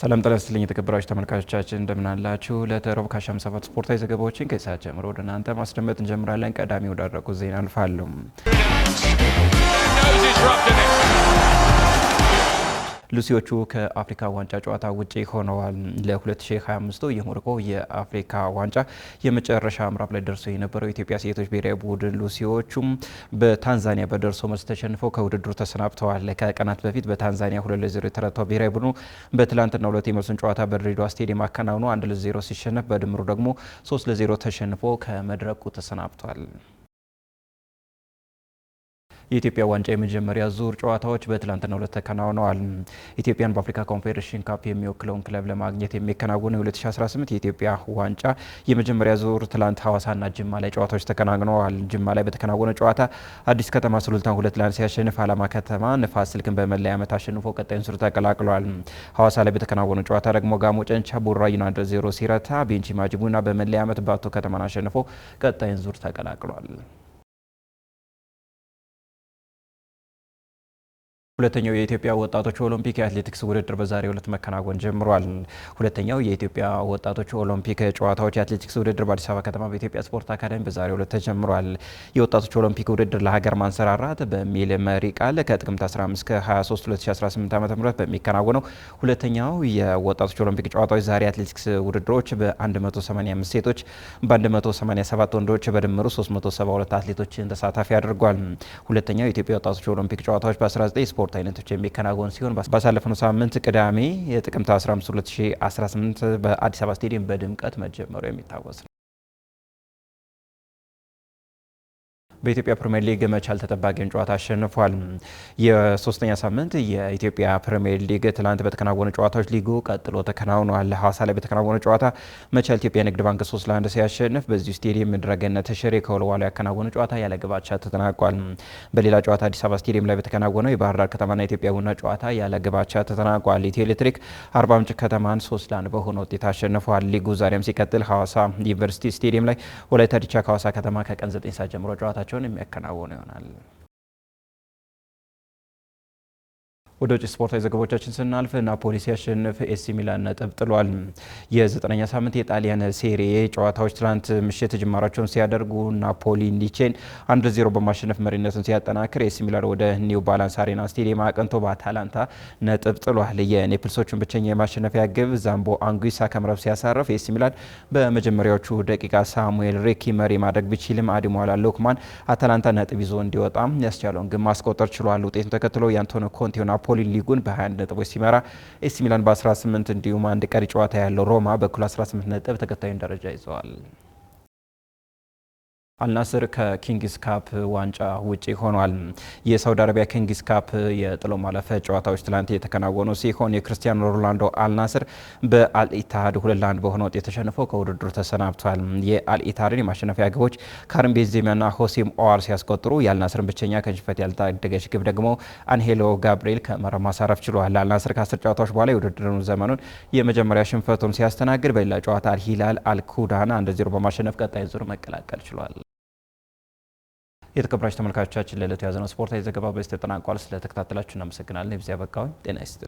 ሰላም ጤና ይስጥልኝ የተከበራችሁ ተመልካቾቻችን እንደምን አላችሁ? ለተረቡ ካሻም ሰባት ስፖርታዊ ዘገባዎችን ከሰዓት ጀምሮ ወደ እናንተ ማስደመጥ እንጀምራለን። ቀዳሚ ወዳደረጉት ዜና አልፋለሁ። ሉሲዎቹ ከአፍሪካ ዋንጫ ጨዋታ ውጪ ሆነዋል። 2025 የሞሮኮ የአፍሪካ ዋንጫ የመጨረሻ ምዕራፍ ላይ ደርሶ የነበረው የኢትዮጵያ ሴቶች ብሔራዊ ቡድን ሉሲዎቹም በታንዛኒያ በደርሶ መልስ ተሸንፈው ከውድድሩ ተሰናብተዋል። ከቀናት በፊት በታንዛኒያ ሁለት ለዜሮ የተረታው ብሔራዊ ቡድኑ በትላንትና ሁለት የመልሱን ጨዋታ በድሬዳዋ ስቴዲየም አከናውኖ አንድ ለዜሮ ሲሸነፍ በድምሩ ደግሞ ሶስት ለዜሮ ተሸንፎ ከመድረኩ ተሰናብቷል። የኢትዮጵያ ዋንጫ የመጀመሪያ ዙር ጨዋታዎች በትላንትናው ዕለት ተከናውነዋል። ኢትዮጵያን በአፍሪካ ኮንፌዴሬሽን ካፕ የሚወክለውን ክለብ ለማግኘት የሚከናወነው የ2018 የኢትዮጵያ ዋንጫ የመጀመሪያ ዙር ትላንት ሀዋሳና ጅማ ላይ ጨዋታዎች ተከናውነዋል። ጅማ ላይ በተከናወነ ጨዋታ አዲስ ከተማ ሱልጣን ሁለት ለአንድ ሲያሸንፍ፣ አላማ ከተማ ንፋስ ስልክን በመለያ ዓመት አሸንፎ ቀጣዩን ዙር ተቀላቅሏል። ሀዋሳ ላይ በተከናወነ ጨዋታ ደግሞ ጋሞ ጨንቻ ቡራ ዩናይትድ ዜሮ ሲረታ፣ ቤንች ማጅቡና በመለያ ዓመት ባቶ ከተማን አሸንፎ ቀጣዩን ዙር ተቀላቅሏል። ሁለተኛው የኢትዮጵያ ወጣቶች ኦሎምፒክ የአትሌቲክስ ውድድር በዛሬው ዕለት መከናወን ጀምሯል። ሁለተኛው የኢትዮጵያ ወጣቶች ኦሎምፒክ ጨዋታዎች የአትሌቲክስ ውድድር በአዲስ አበባ ከተማ በኢትዮጵያ ስፖርት አካዳሚ በዛሬው ዕለት ተጀምሯል። የወጣቶች ኦሎምፒክ ውድድር ለሀገር ማንሰራራት በሚል መሪ ቃል ከጥቅምት 15 እስከ 23 2018 ዓ ም በሚከናወነው ሁለተኛው የወጣቶች ኦሎምፒክ ጨዋታዎች ዛሬ አትሌቲክስ ውድድሮች በ185 ሴቶች በ187 ወንዶች በድምሩ 372 አትሌቶችን ተሳታፊ አድርጓል። ሁለተኛው የኢትዮጵያ ወጣቶች ኦሎምፒክ ጨዋታዎች በ19 ስፖርት የስፖርት አይነቶች የሚከናወን ሲሆን ባሳለፍነው ሳምንት ቅዳሜ የጥቅምት 15 2018 በአዲስ አበባ ስቴዲየም በድምቀት መጀመሩ የሚታወስ ነው። በኢትዮጵያ ፕሪምየር ሊግ መቻል ተጠባቂን ጨዋታ አሸንፏል። የሶስተኛ ሳምንት የኢትዮጵያ ፕሪምየር ሊግ ትላንት በተከናወኑ ጨዋታዎች ሊጉ ቀጥሎ ተከናውኗል። ሀዋሳ ላይ በተከናወነ ጨዋታ መቻል ኢትዮጵያ ንግድ ባንክ ሶስት ለአንድ ሲያሸንፍ በዚሁ ስቴዲየም ምድረገነ ተሸሬ ከወልዋሎ ያከናወኑ ጨዋታ ያለ ግብ አቻ ተጠናቋል። በሌላ ጨዋታ አዲስ አበባ ስቴዲየም ላይ በተከናወነው የባህር ዳር ከተማና ኢትዮጵያ ቡና ጨዋታ ያለ ግብ አቻ ተጠናቋል። ኢትዮ ኤሌክትሪክ አርባ ምንጭ ከተማን ሶስት ለአንድ በሆነ ውጤት አሸንፏል። ሊጉ ዛሬም ሲቀጥል ሀዋሳ ዩኒቨርሲቲ ስቴዲየም ላይ ወላይታ ዲቻ ከሀዋሳ ከተማ ከቀን ዘጠኝ ሰዓት ጀምሮ ጨዋታቸው ስራቸውን የሚያከናውኑ ይሆናል። ወደ ውጭ ስፖርታዊ ዘገባዎቻችን ስናልፍ ናፖሊ ሲያሸንፍ ኤሲ ሚላን ነጥብ ጥሏል። የዘጠነኛ ሳምንት የጣሊያን ሴሪኤ ጨዋታዎች ትላንት ምሽት ጅማራቸውን ሲያደርጉ ናፖሊ ሊቼን አንድ ዜሮ በማሸነፍ መሪነቱን ሲያጠናክር ኤሲ ሚላን ወደ ኒው ባላንስ አሬና ስቴዲየም አቅንቶ በአታላንታ ነጥብ ጥሏል። የኔፕልሶቹን ብቸኛ የማሸነፊያ ግብ ዛምቦ አንጉሳ ከመረብ ሲያሳረፍ ኤሲ ሚላን በመጀመሪያዎቹ ደቂቃ ሳሙኤል ሬኪ መሪ ማድረግ ቢችልም አዲሟላ ሎክማን አታላንታ ነጥብ ይዞ እንዲወጣ ያስቻለውን ግብ ማስቆጠር ችሏል። ውጤቱን ተከትሎ የአንቶኒ ኮንቴ ናፖሊ ሊጉን በ21 ነጥቦች ሲመራ ኤሲ ሚላን በ18 እንዲሁም አንድ ቀሪ ጨዋታ ያለው ሮማ በኩል 18 ነጥብ ተከታዩን ደረጃ ይዘዋል። አልናስር ከኪንግስ ካፕ ዋንጫ ውጪ ሆኗል። የሳውዲ አረቢያ ኪንግስ ካፕ የጥሎ ማለፈ ጨዋታዎች ትላንት የተከናወኑ ሲሆን የክርስቲያኖ ሮናልዶ አልናስር በአልኢታሃድ ሁለት ለአንድ በሆነ ውጤት ተሸንፎ ከውድድሩ ተሰናብቷል። የአልኢታሃድን የማሸነፊያ ግቦች ካሪም ቤንዜማና ሆሴም ኦዋር ሲያስቆጥሩ የአልናስርን ብቸኛ ከሽንፈት ያልታደገች ግብ ደግሞ አንሄሎ ጋብሪኤል ከመረብ ማሳረፍ ችሏል። አልናስር ከአስር ጨዋታዎች በኋላ የውድድሩን ዘመኑን የመጀመሪያ ሽንፈቱን ሲያስተናግድ፣ በሌላ ጨዋታ አልሂላል አልኩዳና አንድ ዜሮ በማሸነፍ ቀጣይ ዙር መቀላቀል ችሏል። የተከበራችሁ ተመልካቾቻችን ለዕለቱ የያዝነው ስፖርታዊ ዘገባ በዚህ ተጠናቋል። ስለተከታተላችሁ እናመሰግናለን። ይብዛ በቃውን ጤና ይስጥ